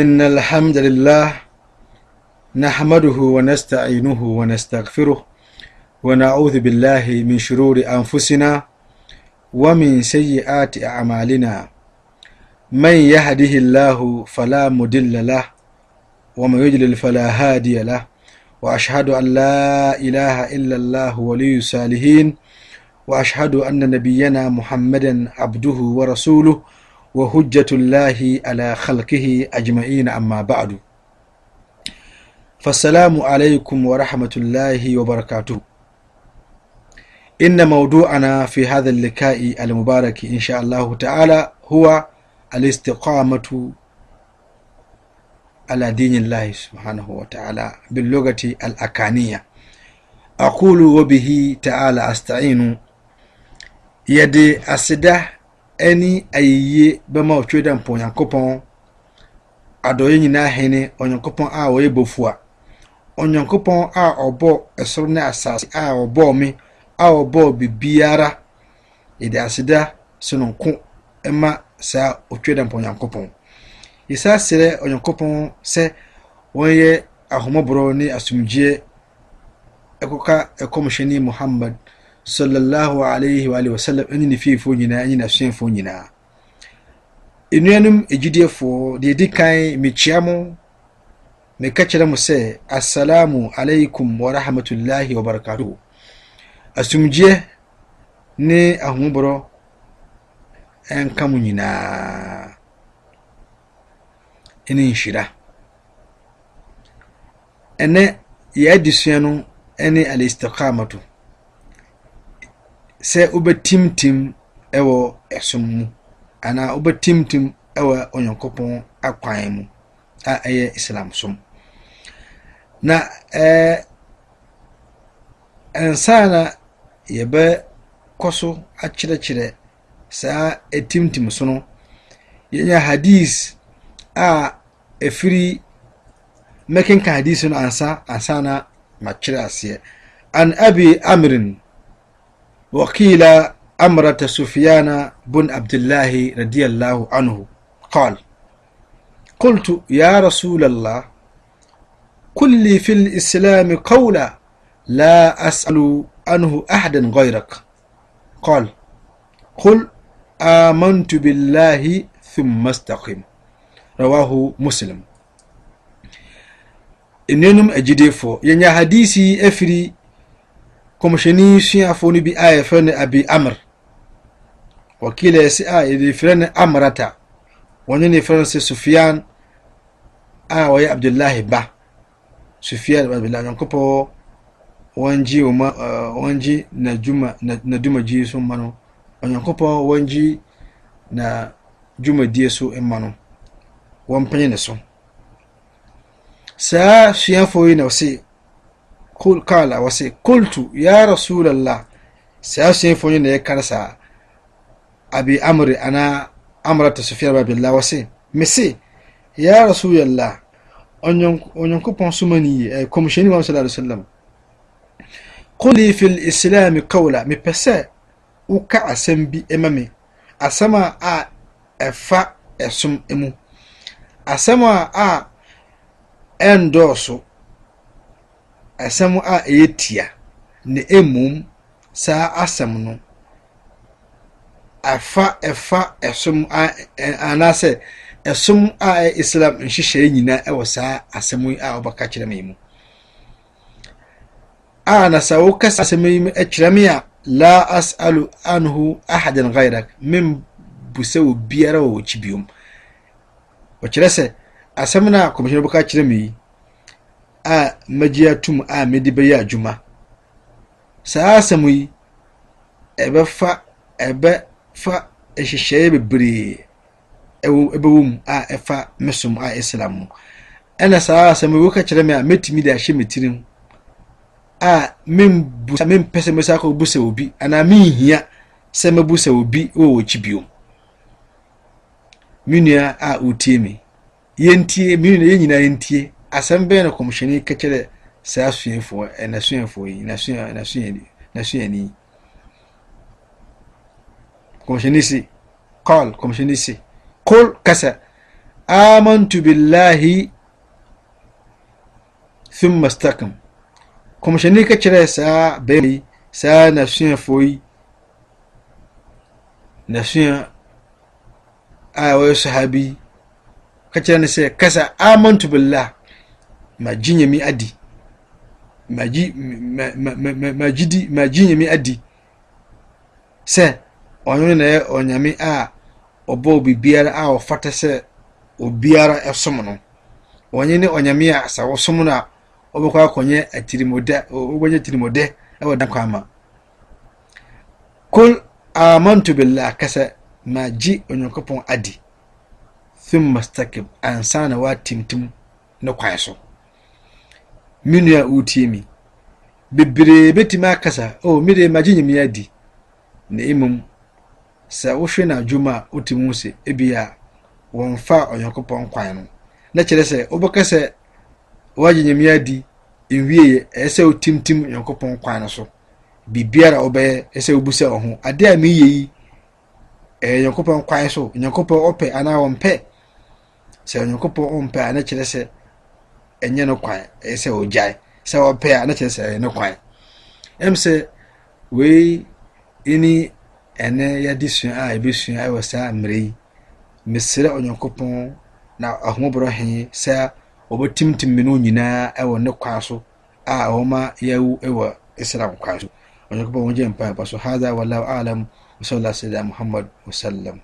إن الحمد لله نحمده ونستعينه ونستغفره ونعوذ بالله من شرور أنفسنا ومن سيئات أعمالنا من يهده الله فلا مدل له ومن يجلل فلا هادي له وأشهد أن لا إله إلا الله ولي الصالحين وأشهد أن نبينا محمدا عبده ورسوله وهجة الله على خلقه أجمعين أما بعد فالسلام عليكم ورحمة الله وبركاته إن موضوعنا في هذا اللقاء المبارك إن شاء الله تعالى هو الاستقامة على دين الله سبحانه وتعالى باللغة الأكانية أقول وبه تعالى أستعين يدي أسده ɛne ayɛyie bɛma ɔtwe dɛ mpo onyankopɔn adɔyɛ nyinaa hene onyankopɔn a ɔyɛ bofua onyankopɔn a ɔbɔ ɛsoro ne asase a ɔbɔɔ me a ɔbɔɔ biribiara yɛde aseda so no nko ma saa ɔtwe dɛ mpo onyankopɔn yɛsa serɛ onyankopɔn sɛ wɔnyɛ ahomɔborɔ ne asomdwoeɛ ɛkɔka ɛkɔmhyɛni muhammad sallallahu alayhi wa alayhi wa sallam ɛne ne fiefoɔ nyinaa ɛne n'asuafoɔ nyinaa nnuanom agyidiefoɔ deɛ di kan mekyia mo meka kyerɛ mo sɛ assalamu alaikum wa rahmatullahi wa barakatuhu asomgyeɛ ne ahoborɔ ɛnka mo nyinaa ɛne nhyira ɛnɛ yɛadi sua no ɛne alistikamatu sɛ wobɛtimtim wɔ ɛsom mu anaa wobɛtimtim wɔ onyankopɔn akwan mu a ɛyɛ islam som na ɛɛ eh, nsa na yɛbɛkɔ so akyerɛkyerɛ saa ɛtimtim so no yɛnya hadis a ɛfiri mɛkenka hadis no ansa ansa na makyerɛ aseɛ an abi amrin وقيل أمرة سفيان بن عبد الله رضي الله عنه قال قلت يا رسول الله قل لي في الإسلام قولا لا أسأل عنه أحدا غيرك قال قل آمنت بالله ثم استقم رواه مسلم إنهم أجدفو يعني حديثي أفري kɔmhyɛni suafoɔ no bi a yɛfrɛ abi amr wakila yɛsi a ah, yɛde frɛ no amrata wɔne ne frɛ no sɛ sufian a wɔyɛ abdullahi ba sufian abdullahi nyankopɔn wɔngye wɔma wɔngye nadwuma nadwumadie so mma no onyankopɔn wɔngye na dwumadie so mma no wɔmpenye ne so saa suafoɔ yi na ɔse قال وسي قلت يا رسول الله سأسين فوني نيكارسا أبي أمري أنا أمرت سفيان باب الله وسي مسي يا رسول الله onyankopɔn soma no yie kɔmhyɛni wa sala salam quli fi lislam qawla mepɛ sɛ woka asɛm bi ma me a ɛfa ɛsom mu asɛm a ɛndɔɔso asɛm a ɛyɛ tia na emom saa asɛm no afa ɛfa ɛsom a anaasɛ ɛsom a ɛyɛ islam nhyehyɛe nyinaa ɛwɔ saa asɛm a ɔbɛka kyerɛ me yi mu a na sɛ woka saa asɛm yi kyerɛ me a la as'alu anhu ahadan ghairak mem bu sɛ obiara wɔ wɔkyi biom ɔkyerɛ sɛ asɛm no a kɔmhyɛn bɛka kyerɛ me yi a magye atum a mede bɛyɛ adwuma saa asɛm yi ɛbɛfa ɛbɛfa nhyehyɛeɛ bebree ɛbɛwɔ mu a ɛfa me som a islam mu ɛna saa asɛm yi woka kyerɛ me a mɛtumi de ahyɛ me tirim a membusa mempɛ sɛ mɛsa akɔ busa obi anaa menhia sɛ mɛbusa obi wɔ wɔkyi biom me nua a wotie me yɛntie me nua yɛn nyinaa yɛntie asɛm bɛyɛ na kɔmhyɛni ka kyerɛ saa suafoɔ n'asuafoɔ yi n'asuani kɔmhyɛni si kɔl kɔmhyɛni si kol kasa amantu billahi thumma stakim kɔmhyɛni ka kyerɛ saa bɛyɛ yi saa n'asuafoɔ yi n'asua a wɔyɛ sahabi ka kyerɛ ne sɛ kasa amantu billahi magye nyame adi magye magyedi magye nyame adi sɛ ɔno na yɛ ɔnyame a ɔbɔɔ biara a ɔfata sɛ obiara ɛsom no ɔnye ne ɔnyame a sɛ wɔsom no a ɔbɛkɔ akɔnyɛ atirimɔdɛ ɔbɛnyɛ atirimɔdɛ ɛwɔ dan kwan ma kol amantu billah kasa magye onyankopɔn adi thumma stakim ansa na watimtim ne kwan so minua wotie mi bebree akasa o oh, mede magye nyame adi na mmom sɛ wohwe no adwom a wotumi hu sɛ ebia wɔmfa onyankopɔn kwan no na kyerɛ sɛ wobɛka sɛ woagye nyame adi nwieɛ ɛyɛ sɛ wotimtim onyankopɔn kwan no so biribiara wobɛyɛ ɛsɛ wobusa wo ho adeɛ a meyɛ yi ɛyɛ onyankopɔn kwan so onyankopɔn ɔpɛ anaa wɔmpɛ sɛ onyankopɔn ɔmpɛ a na kyerɛ sɛ ɛnyɛ no kwan ɛyɛ e sɛ ɔgyae sɛ ɔpɛ a na kyerɛ sɛ ɛyɛ no kwan ɛm sɛ wei ɛni ɛnɛ yɛde sua a ɛbɛsua ɛwɔ e saa mmerɛ yi mesrɛ onyankopɔn na ahoborɔ he sɛ ɔbɛtimtim me no nyinaa ɛwɔ e ne kwan so a ɔma yɛwu ɛwɔ islam kwan so onyankopɔn wogye mpa ɛba so hadha wallahu alam wa sallallahu alaihi wa sallam